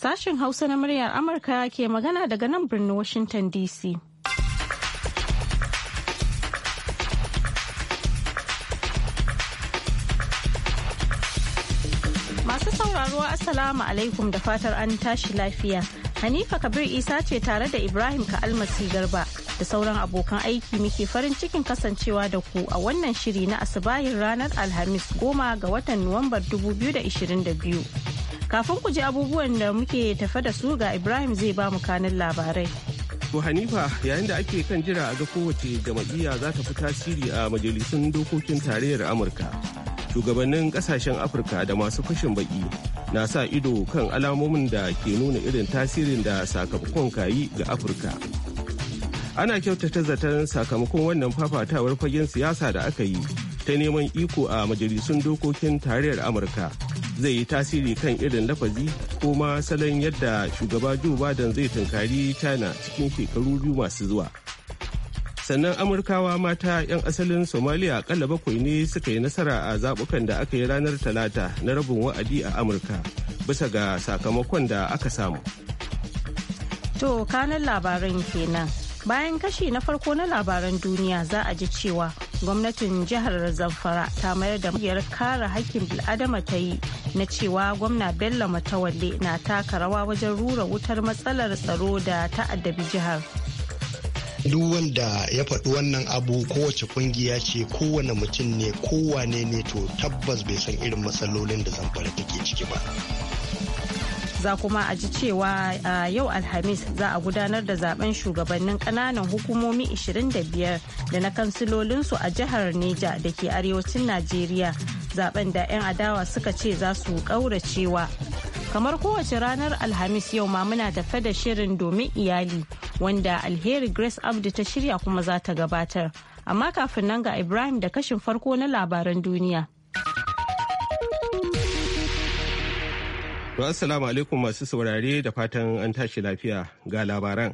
Sashen Hausa na muryar Amurka ke magana daga nan birnin Washington DC. Masu sauraro Assalamu alaikum da fatar an tashi lafiya. Hanifa Kabir Isa ce tare da Ibrahim Ka'almasi Garba da sauran abokan aiki muke farin cikin kasancewa da ku a wannan shiri na asibahin ranar Alhamis goma ga watan Nuwambar 2022. Kafin ku ji abubuwan da muke tafe da su ga Ibrahim zai ba mu kanin labarai. To Hanifa yayin da ake kan jira a ga kowace jam'iyya za ta fi tasiri a majalisun dokokin tarayyar Amurka. Shugabannin kasashen Afirka da masu fashin baki na sa ido kan alamomin da ke nuna irin tasirin da sakamakon kayi ga Afirka. Ana kyautata zaton sakamakon wannan fafatawar fagen siyasa da aka yi ta neman iko a majalisun dokokin tarayyar Amurka. zai yi tasiri kan irin lafazi ko ma salon yadda shugaba Joe Biden zai tunkari China cikin shekaru biyu masu zuwa. Sannan Amurkawa mata 'yan asalin Somalia akalla bakwai ne suka yi nasara a zabukan da aka yi ranar Talata na rabin wa'adi a Amurka bisa ga sakamakon da aka samu. To, kanan labaran kenan. Bayan kashi na farko na labaran duniya za a ji cewa gwamnatin jihar zamfara ta mayar da muryar kare hakkin bil'adama ta yi na cewa gwamna bello matawalle na taka rawa wajen rura wutar matsalar tsaro da ta'addabi jihar duk wanda ya faɗi wannan abu kowace kungiya ce kowane mutum ne kowane ne to tabbas bai san irin matsalolin da zamfara take ciki ba za kuma a ji cewa a yau alhamis za a gudanar da zaben shugabannin kananan hukumomi 25 da na kansilolinsu a jihar neja da ke arewacin najeriya zaben da 'yan adawa suka ce za su kauracewa kamar kowace ranar alhamis yau ma muna tafe da shirin domin iyali wanda alheri grace abdu ta shirya kuma za ta gabatar amma kafin nan ga ibrahim da kashin farko na labaran duniya. To assalamu alaikum masu saurare da fatan an tashi lafiya ga labaran.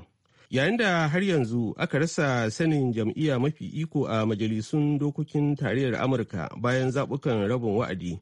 Yayin da har yanzu aka rasa sanin jam'iyya mafi iko a majalisun dokokin tarayyar Amurka bayan zaɓukan rabin wa'adi,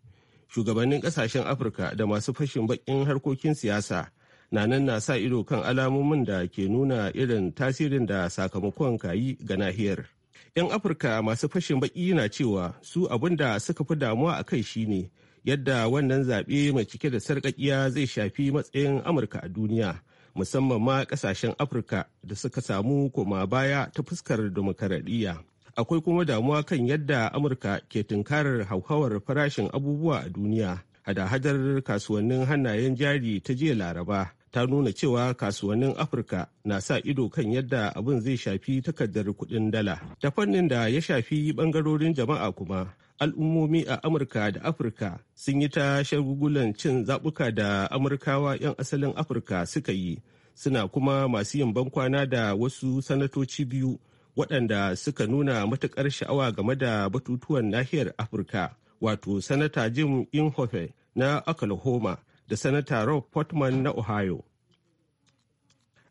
shugabannin ƙasashen Afirka da masu fashin baƙin harkokin siyasa na nan na sa ido kan alamomin da ke nuna irin tasirin da sakamakon kayi ga nahiyar. 'Yan Afirka masu fashin baƙi na cewa su abin da suka fi damuwa a kai shine yadda wannan zaɓe mai cike da sarƙaƙiya zai shafi matsayin amurka a duniya musamman ma ƙasashen afirka da suka samu koma baya ta fuskar demokaradiyya akwai kuma damuwa kan yadda amurka ke tunkarar hauhawar farashin abubuwa a duniya hada-hadar kasuwannin hannayen jari ta jiya laraba ta nuna cewa kasuwannin afirka na sa ido kan yadda abin zai shafi takardar kudin dala ta fannin da ya shafi bangarorin jama'a kuma al'ummomi a amurka da afirka sun yi ta shagugulan cin zaɓuka da amurkawa 'yan asalin afirka suka yi suna kuma masu yin bankwana da wasu sanatoci biyu waɗanda suka nuna matuƙar sha'awa game da batutuwan nahiyar afirka wato sanata jim inhofe na oklahoma da sanata rob portman na ohio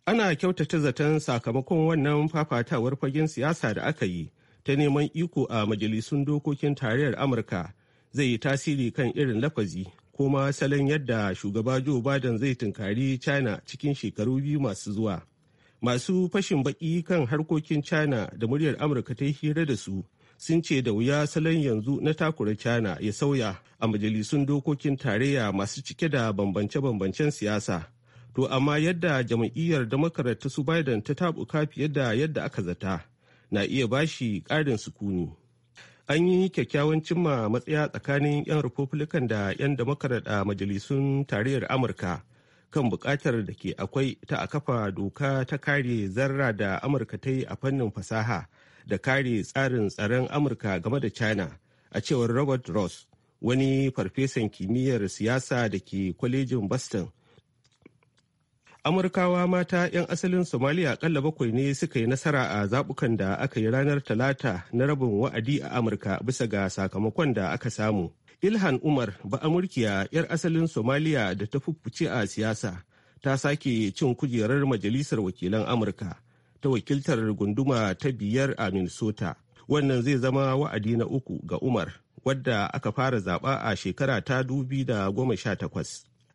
ana kyautata zaton sakamakon wannan fafatawar fagen siyasa da aka yi ta neman iko a majalisun dokokin tarayyar amurka zai yi tasiri kan irin lafazi kuma salon yadda shugaba joe biden zai tunkari china cikin shekaru biyu masu zuwa masu fashin baki kan harkokin china da muryar amurka ta yi hira da su sun ce da wuya salon yanzu na takura china ya sauya a majalisun dokokin tarayya masu cike da bambance-bambancen siyasa to amma yadda jam'iyyar demokrat ta su biden ta tabuka fiye da yadda aka zata na iya bashi ƙarin sukuni. An yi kyakkyawan cimma matsaya tsakanin 'yan Republican da 'yan Democrat a majalisun tarayyar Amurka kan buƙatar da ke akwai ta a kafa doka ta kare zarra da Amurka ta yi a fannin fasaha da kare tsarin tsaron Amurka game da China a cewar Robert Ross wani farfesan kimiyyar siyasa da ke kwalejin Boston amurkawa mata 'yan asalin somaliya akalla bakwai ne suka yi nasara a zabukan da aka yi ranar talata na rabin wa'adi a amurka bisa ga sakamakon da aka samu ilhan umar ba amurkiya 'yar asalin somaliya da ta fuffuce a siyasa ta sake cin kujerar majalisar wakilan amurka ta wakiltar gunduma ta biyar a minnesota wannan zai zama wa'adi na uku ga umar wadda aka fara zaba a shekara ta dubi da goma sha takwas.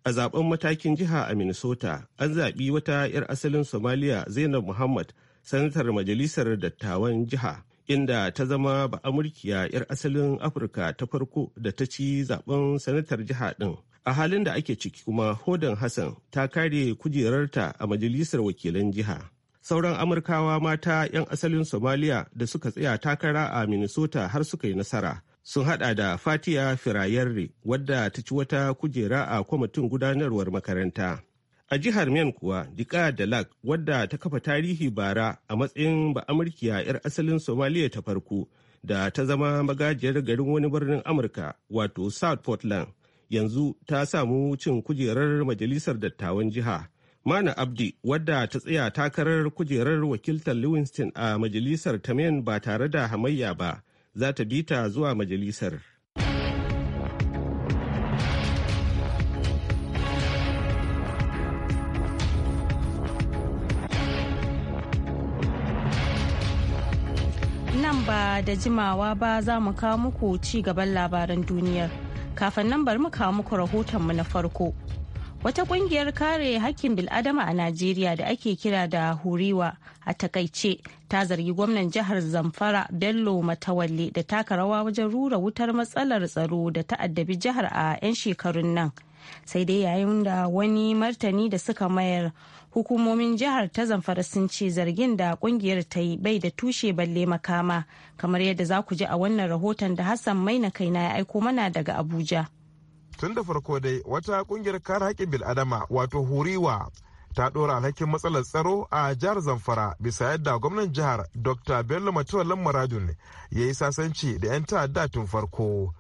a zaben matakin jiha a minnesota an zaɓi wata 'yar asalin somaliya zainab muhammad sanatar majalisar dattawan jiha inda ta zama ba'amurkiya 'yar asalin afirka ta farko da ta ci zaben sanatar jiha ɗin a halin da ake ciki kuma hodan hassan ta kare kujerarta a majalisar wakilan jiha sauran amurkawa mata 'yan asalin somaliya da suka tsaya takara a minnesota har suka yi nasara sun hada da fatiya firayarre wadda ta ci wata kujera a kwamitin gudanarwar makaranta a jihar miyan kuwa dika lak wadda ta kafa tarihi bara a matsayin ba'amurkiya 'yar asalin somaliya ta farko da ta zama magajiyar garin wani birnin amurka wato south portland yanzu ta samu cin kujerar majalisar dattawan jiha mana abdi wadda ta tsaya takarar kujerar wakiltar livingston a majalisar ta Men ba tare da hamayya ba za ta bi ta zuwa majalisar. Nan ba da jimawa ba za mu kawo muku ci gaban labaran duniyar. Kafin nan bari mu kawo muku rahotonmu na farko. wata kungiyar kare hakkin bil'adama a najeriya da ake kira da huriwa a takaice ta zargi gwamnan jihar zamfara bello matawalle da taka rawa wajen rura wutar matsalar tsaro da ta'addabi jihar a 'yan shekarun nan sai dai yayin da wani martani da suka mayar hukumomin jihar ta zamfara sun ce zargin da kungiyar ta yi bai da tushe balle makama kamar yadda za ku ji a wannan rahoton da hassan maina kaina ya aiko mana daga abuja tun da farko dai wata kungiyar kare haƙƙin bil'adama wato huriwa ta ɗora alhakin matsalar tsaro a jihar zamfara bisa yadda gwamnan jihar dr bello matuwallan ya yi sasanci da 'yan ta'adda tun farko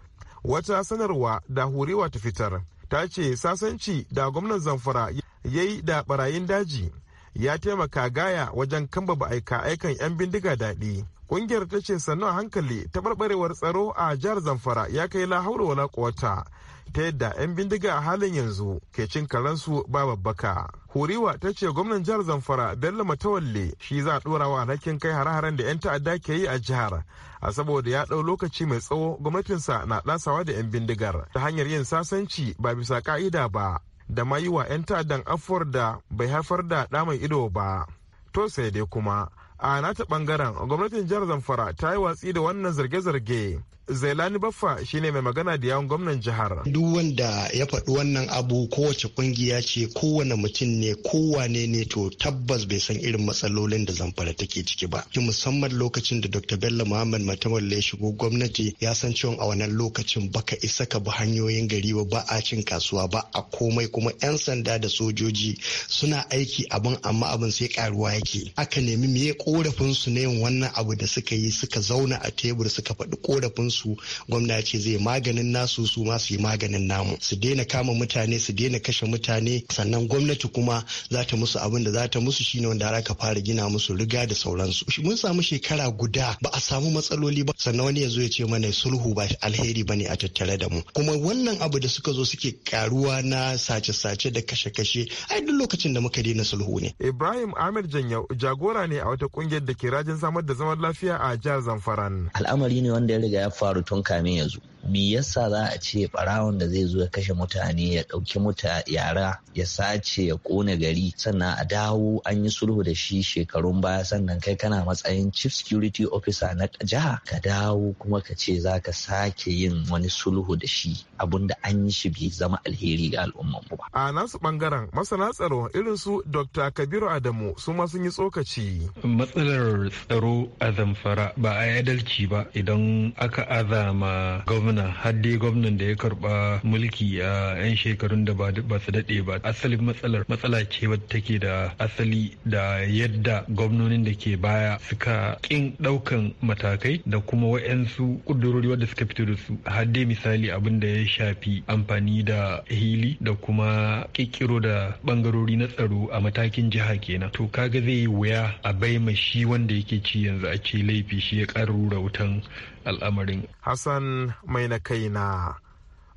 wata sanarwa da huriwa ta fitar ta ce sasanci da gwamnan zamfara ya yi da barayin daji ya taimaka gaya wajen ba aika aikan 'yan bindiga daɗi ƙungiyar ta ce sannu a hankali taɓarɓarewar tsaro a jihar zamfara ya kai lahaura wala ƙuwata ta yadda 'yan bindiga a halin yanzu ke cin karansu ba babbaka. Horiwa ta ce gwamnan jihar Zamfara Bello Matawalle shi za a ɗora wa alhakin kai hare-haren da 'yan ta'adda ke yi a jihar. A saboda ya ɗau lokaci mai tsawo gwamnatinsa na ɗasawa da 'yan bindigar ta hanyar yin sasanci ba bisa ka'ida ba da ma yi wa 'yan ta'addan afuwar da bai haifar da ɗa ido ba. To sai dai kuma a nata ɓangaren gwamnatin jihar Zamfara ta yi watsi da wannan zarge-zarge. Zailani Baffa shine mai magana da yawon gwamnan jihar. Duk wanda ya faɗi wannan abu kowace kungiya ce kowane mutum ne kowane ne to tabbas bai san irin matsalolin da zamfara take ciki ba. Ki musamman lokacin da Dr. Bello Muhammad matamar ya shigo gwamnati ya san cewa a wannan lokacin baka isa ka bi hanyoyin gari ba ba a cin kasuwa ba a komai kuma 'yan sanda da sojoji suna aiki abin amma abin sai karuwa yake. Aka nemi me korafin su ne wannan abu da suka yi suka zauna a tebur suka faɗi korafin su nasu gwamnati zai maganin nasu su ma su yi maganin namu su daina kama mutane su daina kashe mutane sannan gwamnati kuma za ta musu abin da za ta musu shine wanda ka fara gina musu riga da sauransu mun samu shekara guda ba a samu matsaloli ba sannan wani ya zo ya ce mana sulhu ba alheri bane a tattare da mu kuma wannan abu da suka zo suke karuwa na sace-sace da kashe-kashe ai duk lokacin da muka daina sulhu ne Ibrahim Amir Janyau jagora ne a wata kungiyar da ke rajin samar da zaman lafiya a jihar Zamfara. al'amari ne wanda ya riga ya faru faru tun kamin ya me yasa za a ce barawon da zai zo ya kashe mutane ya ɗauki muta yara ya sace ya ƙone gari sannan a dawo an yi sulhu da shi shekarun baya sannan kai kana matsayin chief security officer na jiha ka dawo kuma ka ce za ka sake yin wani sulhu da shi abinda an yi shi bai zama alheri ga al'umman ba. A nasu bangaren masana tsaro irin su Dr. Kabiru Adamu su ma sun yi tsokaci. Matsalar tsaro a zamfara ba a adalci ba idan aka azama gwamnati zamana har dai gwamnan da ya karba mulki a 'yan shekarun da ba su daɗe ba asalin matsalar matsala ce wadda take da asali da yadda gwamnonin da ke baya suka kin ɗaukan matakai da kuma wa'yansu ƙudurori wadda suka fito da su har dai misali abin da ya shafi amfani da hili da kuma ƙirƙiro da ɓangarori na tsaro a matakin jiha kenan to kaga zai yi wuya a bai ma shi wanda yake ci yanzu a ce laifi shi ya ƙara rura wutan al'amarin. Hassan mai na kai na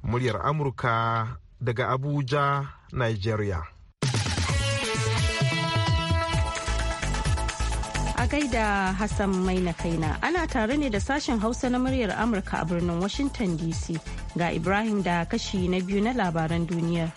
muryar Amurka daga Abuja, Nigeria. A gaida Hassan mai na kaina ana tare ne da sashen Hausa na muryar Amurka a birnin Washington DC ga Ibrahim da kashi na biyu na labaran duniya.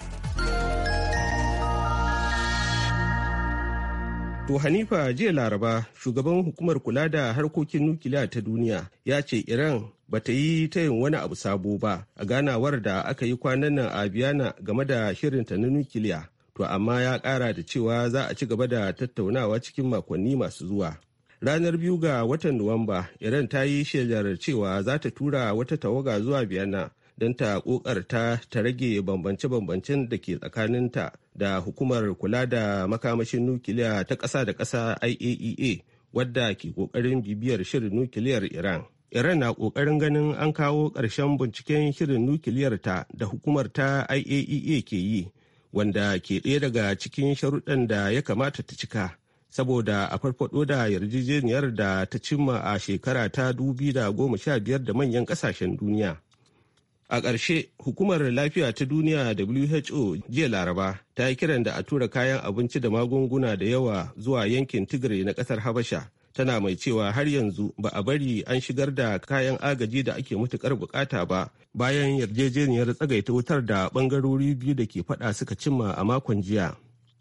To Hanifa jiya Laraba shugaban hukumar kula da harkokin nukiliya ta duniya ya ce Iran ba ta yi tayin wani abu sabo ba a ganawar da aka yi kwanan nan a Biyana game da shirinta na nukiliya. To amma ya kara da cewa za a ci gaba da tattaunawa cikin makonni masu zuwa. Ranar biyu ga watan Nuwamba, Iran ta yi shelar cewa za ta tura wata tawaga zuwa Biyana don ta kokarta ta rage bambance-bambancen da ke tsakaninta da hukumar kula da makamashin nukiliya ta ƙasa da ƙasa iaea e wadda ke kokarin bibiyar shirin nukiliyar iran iran na kokarin ganin an kawo ƙarshen binciken shirin nukiliyar ta da hukumar ta iaea e ke yi wanda ke ɗaya daga cikin sharuɗan da ya kamata ta cika saboda a farfaɗo da yarjejeniyar da ta cimma a shekara ta dubi da goma sha biyar da manyan ƙasashen duniya A ƙarshe, hukumar lafiya ta duniya WHO jiya Laraba ta yi kiran da a tura kayan abinci da magunguna da yawa zuwa yankin Tigray na ƙasar Habasha. Tana mai cewa har yanzu ba a bari an shigar da kayan agaji da ake matuƙar bukata ba bayan yarjejeniyar tsagaita wutar da ɓangarori biyu da ke faɗa suka cimma a makon jiya.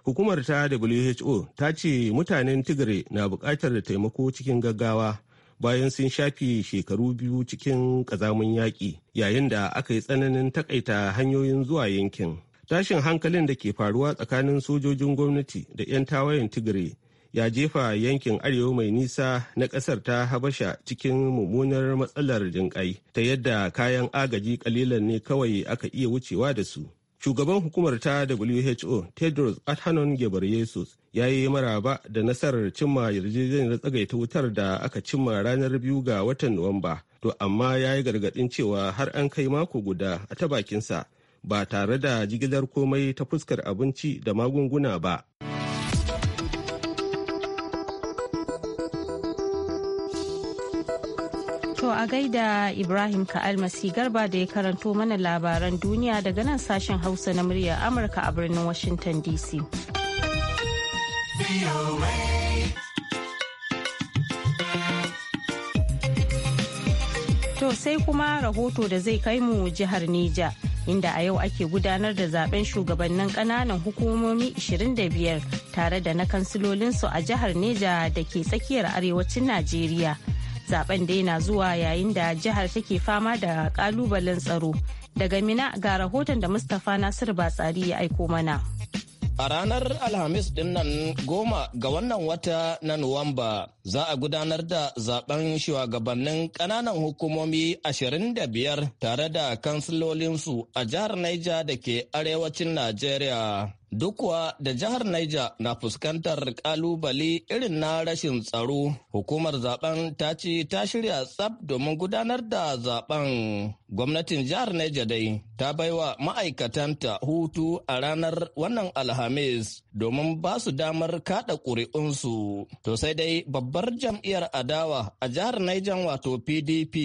Hukumar ta WHO ta ce mutanen Tigray na buƙatar taimako cikin gaggawa. bayan sun shafe shekaru biyu cikin kazamun yaƙi yayin da aka yi tsananin takaita hanyoyin zuwa yankin. Tashin hankalin da ke faruwa tsakanin sojojin gwamnati da 'yan tawayen Tigray ya jefa yankin arewa mai nisa na ƙasar ta Habasha cikin mummunar matsalar jinƙai ta yadda kayan agaji kalilan ne kawai aka iya wucewa da su. shugaban hukumar ta who tedros adhanom ghebreyesus ya yi maraba da nasarar cimma yarjejeniyar tsagaita wutar da aka cimma ranar biyu ga watan nuwamba to amma ya yi gargadin cewa har an kai mako guda a ta bakinsa ba tare da jigilar komai ta fuskar abinci da magunguna ba To a gaida Ibrahim Ka'almasi Garba da ya karanto mana labaran duniya daga nan sashen Hausa na muryar Amurka a birnin Washington DC. To sai kuma rahoto da zai kai mu jihar Nija. inda a yau ake gudanar da zaben shugabannin kananan hukumomi 25 tare da na kansilolinsu a jihar Neja da ke tsakiyar arewacin Najeriya. zaben dai na zuwa yayin da jihar take fama da kalubalen tsaro daga mina ga rahoton da mustapha nasir batsari ya aiko mana A ranar Alhamis dinnan goma ga wannan wata na Nuwamba za a gudanar da zaben shugabannin kananan hukumomi 25 tare da kansilolinsu a jihar Naija da ke arewacin Najeriya. Duk kuwa da jihar Niger na fuskantar kalubale irin na rashin tsaro, hukumar zaben ta ce ta shirya tsab domin gudanar da zaben. Gwamnatin jihar Niger dai ta baiwa ma'aikatanta hutu a ranar wannan Alhamis domin ba su damar kada ƙuri'unsu. To sai dai babbar jam'iyyar adawa a jihar Niger wato PDP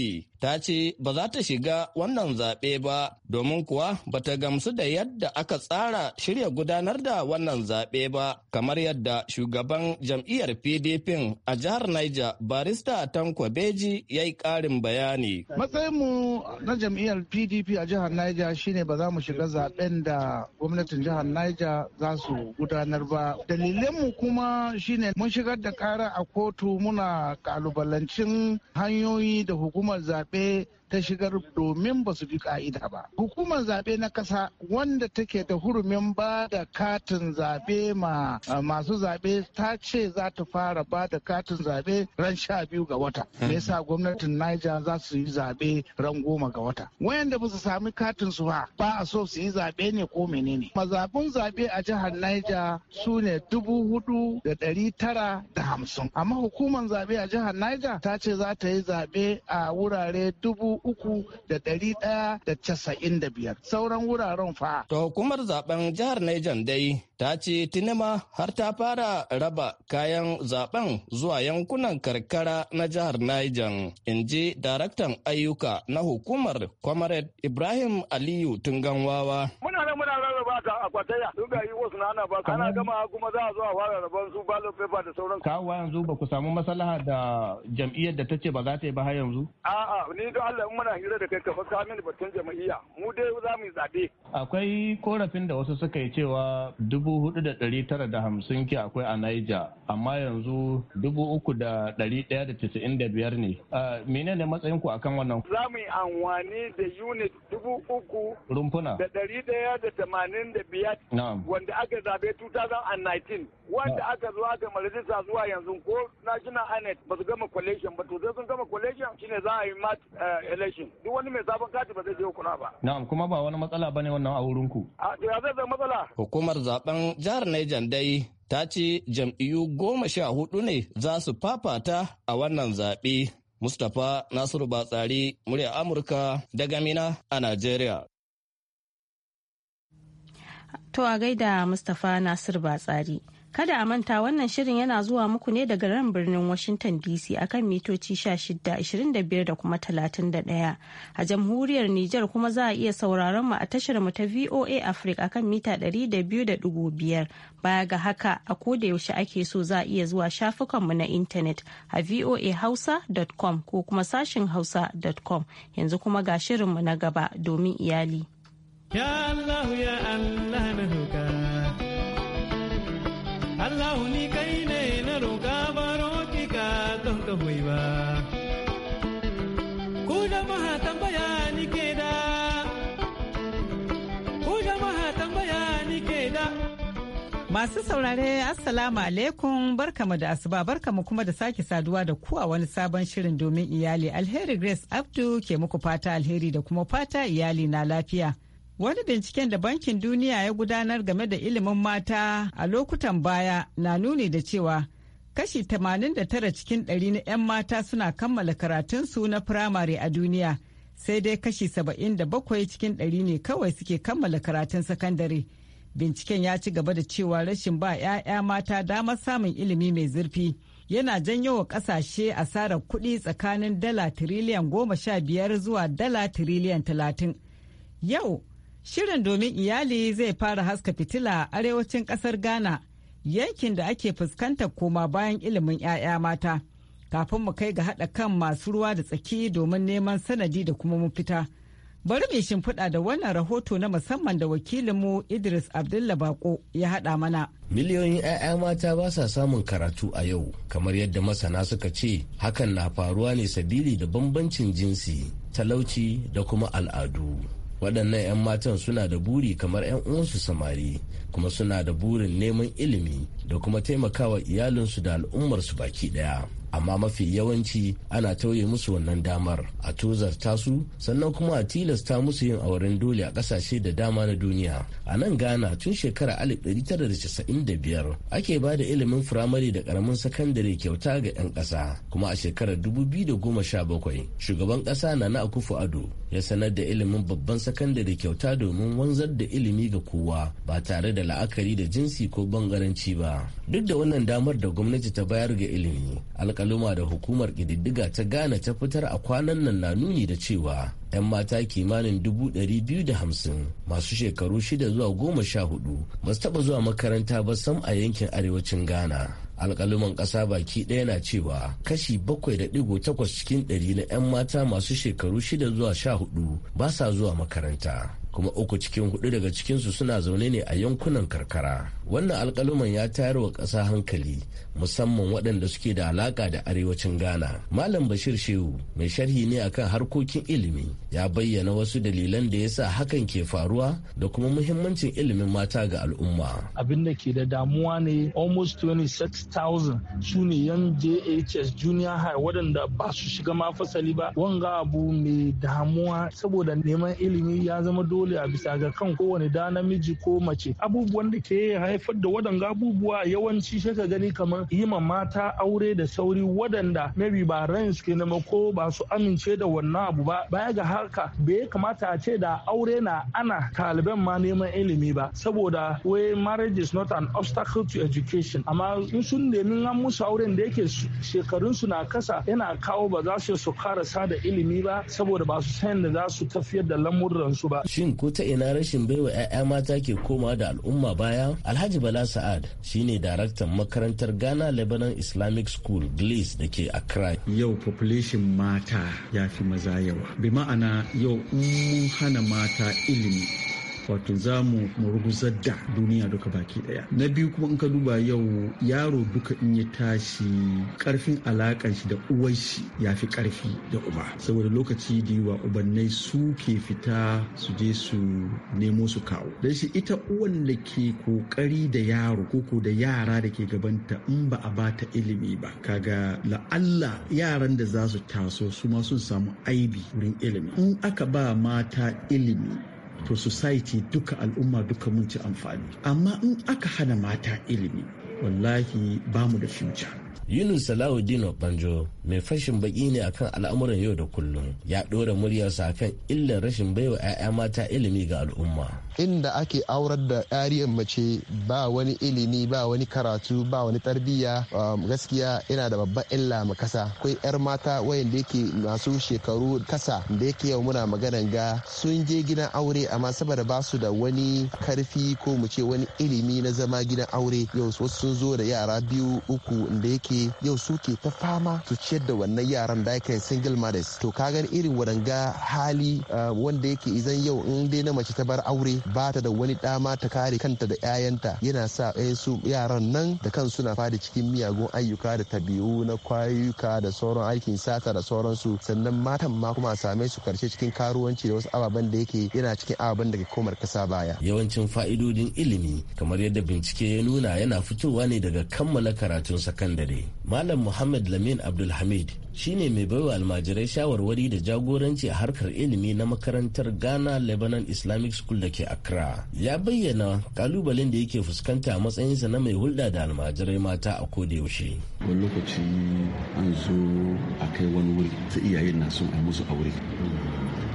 ta ce ba za ta shiga wannan zaɓe ba domin kuwa ba ta gamsu da yadda aka tsara shirya gudanar da wannan zaɓe ba kamar yadda shugaban jam'iyyar pdp a jihar niger barista tanko beji ya yi ƙarin bayani matsayinmu na jam'iyyar pdp a jihar niger shine ba za mu shiga zaɓen da gwamnatin jihar niger za su gudanar ba dalilinmu kuma shine mun shigar da ƙara a kotu muna ƙalubalancin hanyoyi da hukumar zaɓe 没。ta shigar domin ba su bi ka'ida ba. Hukumar zaɓe na ƙasa wanda take da hurumin ba da katin zaɓe ma masu zaɓe ta ce za ta fara ba da katin zaɓe ran sha biyu ga wata. Me yasa gwamnatin Niger za su yi zaɓe ran goma ga wata. Wayanda ba su sami katin su ba ba a so su yi zaɓe ne ko menene. Mazaɓun zaɓe a jihar Niger su ne dubu hudu da ɗari tara da hamsin. Amma hukumar zaɓe a jihar Niger ta ce za ta yi zaɓe a wurare dubu uku da ɗari ɗaya da casa'in da biyar sauran wuraren fa. To hukumar zaben jihar Niger dai ta ce tinima har ta fara raba kayan zaben zuwa yankunan karkara na jihar Niger in ji daraktan ayyuka na hukumar Comrade Ibrahim Aliyu Tunganwawa. Muna haka a kwataya su ga yi wasu na ana ba kana gama kuma za a zo a fara rabon su ballot paper da sauran kawowa yanzu ba ku samu maslaha da jam'iyyar da tace ba za ta yi ba har yanzu a'a ni da Allah in muna hira da kai ka fa mini batun jam'iyya mu dai za mu yi zabe akwai korafin da wasu suka yi cewa dubu hudu da dari tara da hamsin ke akwai a Niger amma yanzu dubu uku da dari daya da tisa'in da biyar ne menene matsayin ku akan wannan za mu yi anwani da unit dubu uku rumfuna da dari daya da tamanin 25 wanda aka zabe 2019 wanda aka zuwa ga majalisa zuwa yanzu ko national anet ba su gama collation ba to sai sun gama collation shine za a yi mat eh, election duk wani mai sabon kati ba zai je kuna ba na'am kuma ba wani matsala bane wannan a wurin ku a to ya zai matsala hukumar zaben jihar Niger dai ta ce jam'iyyu goma sha hudu ne za su fafata a wannan zaɓe. Mustapha Nasiru Batsari, murya Amurka daga Mina a Najeriya. To a gaida Mustapha Nasir Batsari. Kada a manta wannan shirin yana zuwa muku ne daga ran birnin Washington DC akan mitoci 16, 25 da kuma 31. A jamhuriyar Nijar kuma za a iya sauraron mu a tashar mu ta VOA Africa akan mita 200.5. Baya ga haka a koda yaushe ake so za a iya zuwa shafukanmu na intanet a voahausa.com ko kuma sashin hausa.com. Yanzu kuma ga shirinmu na gaba domin iyali. Ya Allah ya Allah na roka Allah ni kai ne na roka baro ka don ka hoyi ba Ku jama'a tambaya ni ke da Ku jama'a tambaya ni ke da Masu saurare Assalamu alaikum barkamu da asuba barkamu kuma da sake saduwa da ku a wani sabon shirin domin iyali alheri Grace Abdu ke muku fata alheri da kuma fata iyali na lafiya. Wani binciken da Bankin Duniya ya gudanar game da ilimin mata a lokutan baya na nuni da cewa kashi 89 cikin 100 na 'yan mata suna kammala karatunsu na firamare a duniya sai dai kashi 77 cikin 100 ne kawai suke kammala karatun sakandare. Binciken ya ci gaba da cewa rashin ba 'ya'ya mata damar samun ilimi mai zurfi. yana janyo wa kasashe asarar kuɗi tsakanin dala tiriliyan goma sha biyar zuwa dala tiriliyan talatin. Yau Shirin domin iyali zai fara haska fitila a arewacin kasar Ghana, yankin da ake fuskantar koma bayan ilimin 'ya'ya mata, kafin mu kai ga haɗa kan masu ruwa da tsaki domin neman sanadi da kuma mafita. Bari mai shimfiɗa da wannan rahoto na musamman da wakilinmu Idris abdulla Bako ya haɗa mana. Miliyoyin 'ya'ya mata ba sa samun karatu a yau, kamar yadda masana suka ce hakan na faruwa ne sabili da bambancin jinsi, talauci da kuma al'adu. waɗannan 'yan matan suna da buri kamar 'yan uwansu samari kuma suna da burin neman ilimi da kuma taimakawa iyalinsu da al'ummarsu baki ɗaya amma mafi yawanci ana tauye musu wannan damar a tozarta su sannan kuma a tilasta musu yin auren dole a kasashe da dama na duniya a nan ghana tun shekara 1995 ake ba da ilimin firamare da karamin sakandare kyauta ga 'yan ƙasa kuma a shekarar 2017 shugaban ƙasa na na akufu ado ya sanar da ilimin babban sakandare kyauta domin wanzar da ilimi ga kowa ba tare da la'akari da jinsi ko bangaranci ba duk da wannan damar da gwamnati ta bayar ga ilimi takaluma da hukumar ƙididdiga ta ghana ta fitar a kwanan nan na nuni da cewa 'yan mata kimanin 250 masu shekaru 6 zuwa 14 ba su taɓa zuwa makaranta ba sam a yankin arewacin ghana alkaluman ƙasa baki ɗaya na cewa kashi 7.8 cikin 100 na 'yan mata masu shekaru 6 zuwa 14 ba sa zuwa makaranta kuma uku cikin hudu daga cikinsu suna zaune ne a yankunan karkara wannan alkaluman ya tayar wa ƙasa hankali musamman waɗanda suke da alaƙa da arewacin ghana malam bashir shehu mai sharhi ne akan harkokin ilimi ya bayyana wasu dalilan da ya sa hakan ke faruwa da kuma muhimmancin ilimin mata ga al'umma abin da ke da damuwa ne almost 26,000 su ne yan jhs junior high waɗanda ba su shiga ma fasali ba wanga abu mai damuwa saboda neman ilimi ya zama dole dole a bisa ga kan kowane da namiji ko mace abubuwan da ke haifar da waɗanga abubuwa yawanci sai ka gani kamar yi ma mata aure da sauri waɗanda maybe ba ran suke nema ko ba su amince da wannan abu ba baya ga haka bai kamata a ce da aure na ana taliban ma neman ilimi ba saboda we marriage is not an obstacle to education amma in sun nemi an musu auren da yake shekarun su na kasa yana kawo ba za su su karasa da ilimi ba saboda ba su san da za su tafiyar da lamuran ba shin shin ko ta ina rashin baiwa 'ya'ya mata ke komawa da al'umma baya alhaji bala sa'ad shine daraktan makarantar ghana lebanon islamic school glace da ke accra yau population mata ya fi maza yawa bi ma'ana yau mun hana mata ilimi wato za mu murguzar da duniya duka baki daya na biyu kuma in ka duba yau yaro duka in ya tashi karfin alakan shi da uwar shi ya fi karfi da uba saboda lokaci da yiwa ubannai su ke fita su je su nemo su kawo dan shi ita uwan da ke kokari da yaro koko da yara da ke gabanta in ba a bata ilimi ba kaga la'alla yaran da za su taso su ma sun samu aibi wurin ilimi in aka ba mata ilimi to society duka al'umma duka mun ci amfani amma in aka hana mata ilimi wallahi ba mu da future Yunus Salahuddin Banjo, mai fashin baki ne akan al'amuran yau da kullum ya ɗora muryarsa akan illar rashin baiwa 'ya'ya mata ilimi ga al'umma. Inda ake aurar da yariyar mace ba wani ilimi ba wani karatu ba wani tarbiyya um, gaskiya yana da babban illa ma kasa. Akwai 'yar mata wayanda yake masu shekaru kasa da yake yau muna maganan ga sun je gidan aure amma saboda ba su da wani karfi ko mu ce wani ilimi na zama gidan aure yau wasu sun zo da yara biyu uku da yake yau suke ta fama su ciyar da wannan yaran da aka single mothers to kagan irin wadanga hali ah, wanda yake izan yau in dai na mace ta bar aure ba ta da wani dama ta kare kanta da 'ya'yanta yana sa su yaran nan da kansu suna fada cikin miyagun ayyuka da tabi'u na kwayuka da sauran aikin sata da sauransu sannan matan ma kuma same su karshe cikin karuwanci da wasu ababen da yake yana cikin ababen da ke komar kasa baya yawancin fa'idodin ilimi kamar yadda bincike ya nuna yana fitowa tasowa ne daga kammala karatun sakandare malam muhammad lamin abdulhamid shi ne mai baiwa almajirai shawarwari da jagoranci a harkar ilimi na makarantar ghana lebanon islamic school da ke accra ya bayyana kalubalen da yake fuskanta a matsayinsa na mai hulɗa da almajirai mata a kodayaushe wani lokaci an zo a kai wani wuri ta iyayen na son a musu aure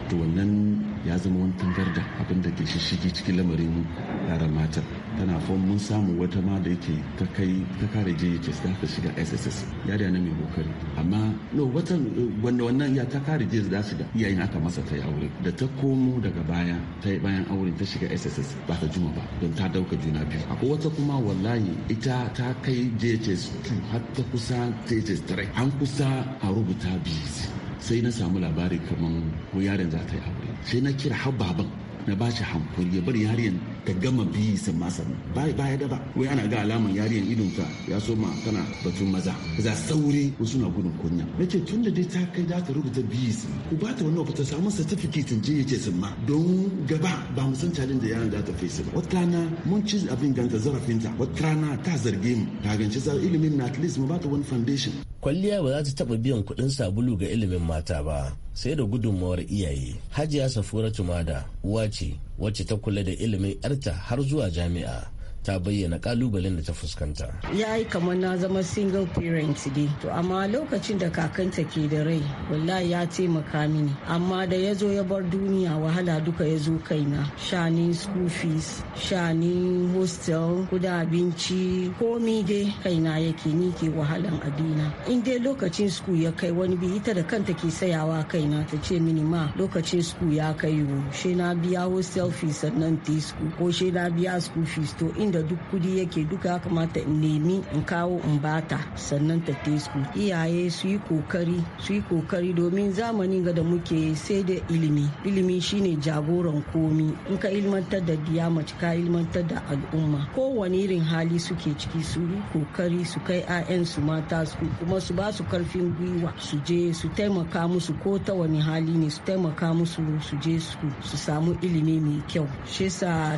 to wannan ya zama wani tangar da abin da ke shishigi cikin lamarin yaran mata tana fom mun samu wata ma da yake ta kai ta kare jhs da ta shiga sss ya da mai kokari amma no watan wanda wannan ya ta kare jhs da shiga iyayen aka masa ta yi aure da ta komo daga baya ta yi bayan aure ta shiga sss ba ta juma ba don ta dauka juna biyu akwai wata kuma wallahi ita ta kai jhs 2 har ta kusa jhs 3 an kusa a rubuta biyu sai na samu labari kaman ko yaron za ta yi aure sai na kira habbaban na ba shi hankuri ya bari yaren. ka gama bi sun masa ba ya da ba wai ana ga alaman yariyan idonka ya so ma kana batun maza za sauri wasu na gudun kunya ce tun da dai ta kai za ta rubuta bi sun ku ba ta wannan ta samun certificate je yace sun ma don gaba ba mu san calin da yaran za ta fesa ba wata rana mun ci abin ganta zarafinta wata rana ta zarge mu ta ganci sa ilimin na at least mu ba ta wani foundation kwalliya ba za ta taɓa biyan kuɗin sabulu ga ilimin mata ba sai da gudunmawar iyaye hajiya safura tumada uwa ce wacce ta kula da ilimin 'yarta har zuwa jami'a ta bayyana kalubalen da ta fuskanta. Ya yi kamar na zama single parent dai. To amma lokacin da kakanta ke da rai wallahi ya taimaka mini. Amma da ya zo ya bar duniya wahala duka ya zo kaina. Shanin school fees, shanin hostel, kuda abinci, komi dai kaina yake ni ke wahalan adina. In dai lokacin school ya kai wani bi ita da kanta ke sayawa kaina ta ce mini ma lokacin school ya kai wo. She na biya hostel fees sannan ta school ko she na biya school fees to in inda duk kudi yake duka ya kamata in nemi in kawo in bata sannan ta tesku iyaye su yi kokari su yi kokari domin zamani ga da muke sai da ilimi ilimi shine jagoran komi in ka ilmantar da diya mace ka ilmantar da al'umma kowane irin hali suke ciki su yi kokari su kai su mata su kuma su ba su karfin gwiwa su je su taimaka musu ko ta wani hali ne su taimaka musu su je su samu ilimi mai kyau shi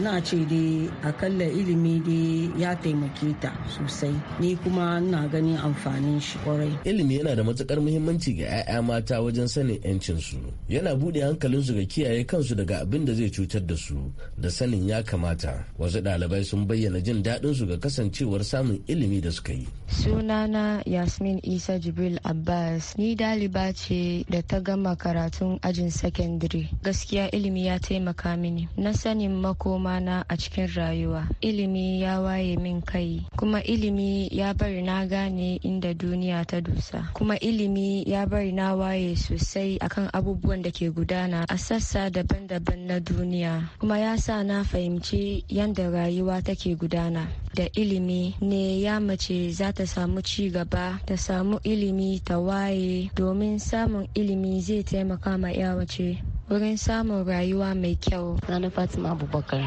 na ce dai akalla ilimi komai dai ya taimake ta sosai ni kuma na ganin amfanin shi kwarai ilimi yana da matukar muhimmanci ga 'ya'ya mata wajen sanin 'yancin su yana bude su ga kiyaye kansu daga abin da zai cutar da su da sanin ya kamata wasu ɗalibai sun bayyana jin daɗin su ga kasancewar samun ilimi da suka yi sunana yasmin isa jibril abbas ni daliba ce da ta gama karatun ajin sakandare gaskiya ilimi ya taimaka mini na sanin makoma na a cikin rayuwa ilimi ilimi ya waye min kai kuma ilimi ya bari na gane inda duniya ta dusa kuma ilimi ya bari na waye sosai akan abubuwan da ke gudana a sassa daban-daban na duniya kuma ya sa na fahimci yadda rayuwa take gudana da ilimi ne ya mace za ta samu ci gaba ta samu ilimi ta waye domin samun ilimi zai taimaka ma ya mace wurin samun rayuwa mai kyau. Sani Fatima Abubakar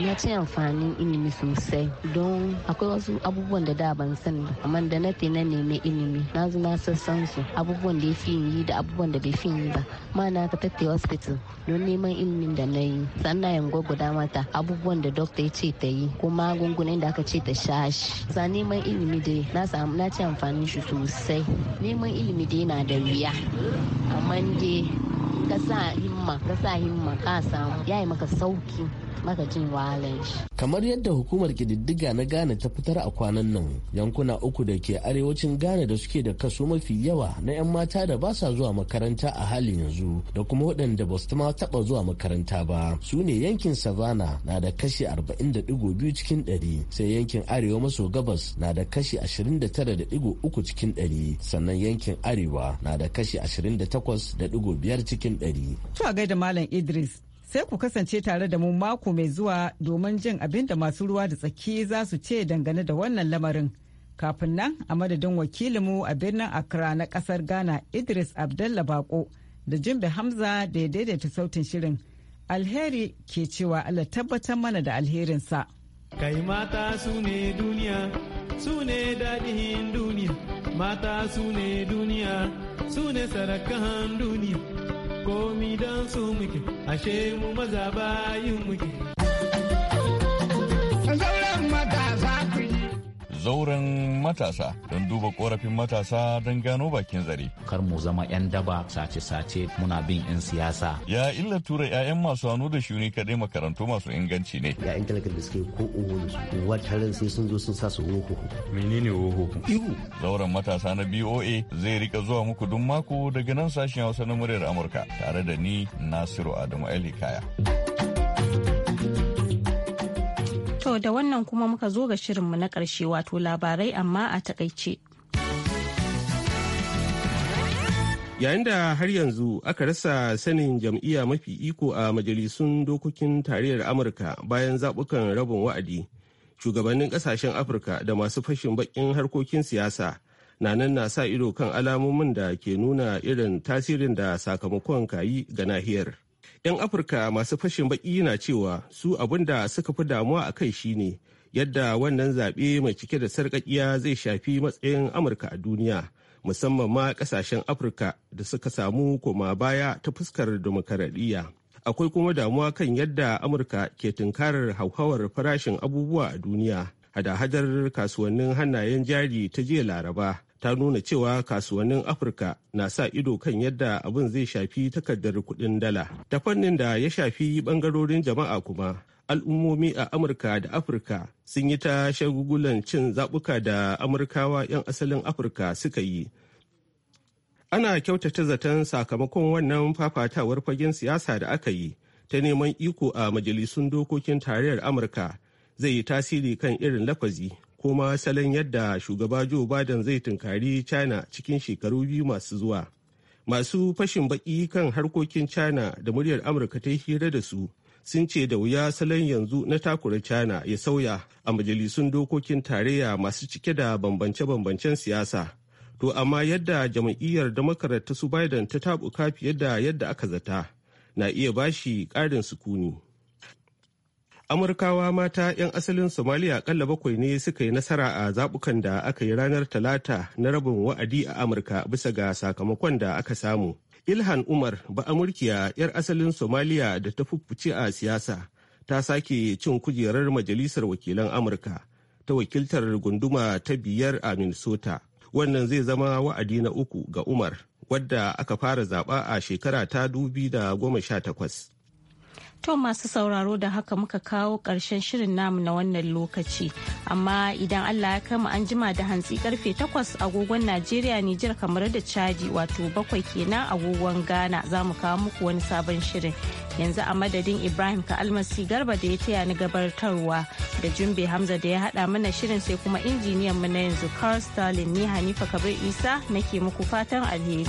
na ci amfanin ilimi sosai don akwai wasu abubuwan da da ban sani amma da na na nemi ilimi na zo na sassan su abubuwan da ya fi yi da abubuwan da bai fi yi ba ma na ka tatte hospital don neman ilimin da na yi sannan yan gwagwada mata abubuwan da dokta ya ce ta yi ko magungunan da aka ce ta sha shi sa neman ilimi dai na samu na ci amfanin shi sosai neman ilimi dai na da wuya amma dai ka sa himma ka sa himma ka samu ya yi maka sauki maka jin wahalan shi. Kamar yadda hukumar kididdiga na Ghana ta fitar a kwanan nan yankuna uku da ke arewacin Ghana da suke da kaso mafi yawa na 'yan mata da ba sa zuwa makaranta a halin yanzu da kuma waɗanda ba su ma taɓa zuwa makaranta ba su ne yankin Savannah na da kashi 40.2 cikin 100 sai yankin arewa maso gabas na da kashi 29.3 cikin 100 sannan yankin arewa na da kashi 28.5 cikin 100. To gaida Malam Idris. Sai ku kasance tare da mu mako mai zuwa domin jin abin da masu ruwa da tsaki za su ce dangane da wannan lamarin. Kafin nan a madadin wakilinmu a birnin Accra na kasar Ghana Idris Abdalla Bako da Jimbe Hamza da ya daidaita sautin shirin. Alheri ke cewa Allah tabbatar mana da alherinsa. Kai mata su ne duniya, su ne daɗin duniya, mata su ne duniya, su ne sarakan duniya. komi don su muke ashe mu maza bayin muke zauren matasa don duba korafin matasa don gano bakin zare. Kar mu zama 'yan daba sace-sace muna bin 'yan siyasa. Ya illa tura 'ya'yan masu hannu da shuni kaɗai makarantu masu inganci ne. 'Ya'yan talakar da suke ko uwanu wataran sai sun zo sun sa su woho. Menene woho? Ihu. Zauren matasa na BOA zai rika zuwa muku duk mako daga nan sashen Hausa na muryar Amurka tare da ni Nasiru Adamu Ali Kaya. da wannan kuma muka zo ga shirinmu na ƙarshe wato labarai amma a takaice. Yayin da har yanzu aka rasa sanin jam'iyya mafi iko a majalisun dokokin tarayyar Amurka bayan zaɓukan rabin wa'adi, shugabannin ƙasashen Afirka da masu fashin baƙin harkokin siyasa na nan na sa ido kan alamomin da ke nuna irin tasirin da sakamakon kayi ga nahiyar. 'yan afirka masu fashin baki na cewa su abin da suka fi damuwa a kai shine yadda wannan zaɓe mai cike da sarƙaƙiya zai shafi matsayin amurka a duniya musamman ma ƙasashen afirka da suka samu koma baya ta fuskar dimokuraɗiyya akwai kuma damuwa kan yadda amurka ke tunkarar hauhawar farashin abubuwa a duniya hada-hadar kasuwannin hannayen jari ta jiya laraba ta nuna cewa kasuwannin afirka na sa ido kan yadda abin zai shafi takardar kuɗin dala ta fannin da ya shafi ɓangarorin jama'a kuma al'ummomi a amurka da afirka sun yi ta shagugulan cin zaɓuka da amurkawa 'yan asalin afirka suka yi ana kyautata zaton sakamakon wannan fafatawar fagen siyasa da aka yi ta neman iko a majalisun dokokin tarayyar amurka zai yi tasiri kan irin lafazi kuma salon yadda shugaba Joe Biden zai tunkari China cikin shekaru biyu masu zuwa. Masu fashin baki kan harkokin China da muryar Amurka ta yi hira da su sun ce da wuya salon yanzu na takura China ya sauya a majalisun dokokin tarayya masu cike da bambance-bambancen siyasa. To amma yadda jam'iyyar da ta su Biden ta tabuka fiye da yadda aka zata na iya bashi ƙarin sukuni. amurkawa mata 'yan asalin somaliya akalla bakwai ne suka yi nasara a zabukan da aka yi ranar talata na rabin wa'adi a amurka bisa ga sakamakon da aka samu ilhan umar ba amurkiya 'yar asalin somaliya da ta fuffuce a siyasa ta sake cin kujerar majalisar wakilan amurka ta wakiltar gunduma ta biyar a minnesota wannan zai zama wa'adi na uku ga umar wadda aka fara zaba a shekara ta dubi da goma sha takwas. To masu sauraro da haka muka kawo ƙarshen shirin namu na wannan lokaci. Amma idan Allah ya kama an jima da hantsi karfe takwas agogon Najeriya Nijar kamar da Chadi wato bakwai kenan agogon Ghana za mu kawo muku wani sabon shirin. Yanzu a madadin Ibrahim ka almasi garba da ya taya ni gabatarwa da Jumbe Hamza da ya haɗa mana shirin sai kuma injiniyan mu na yanzu Carl Stalin ni Hanifa Kabir Isa nake muku fatan alheri.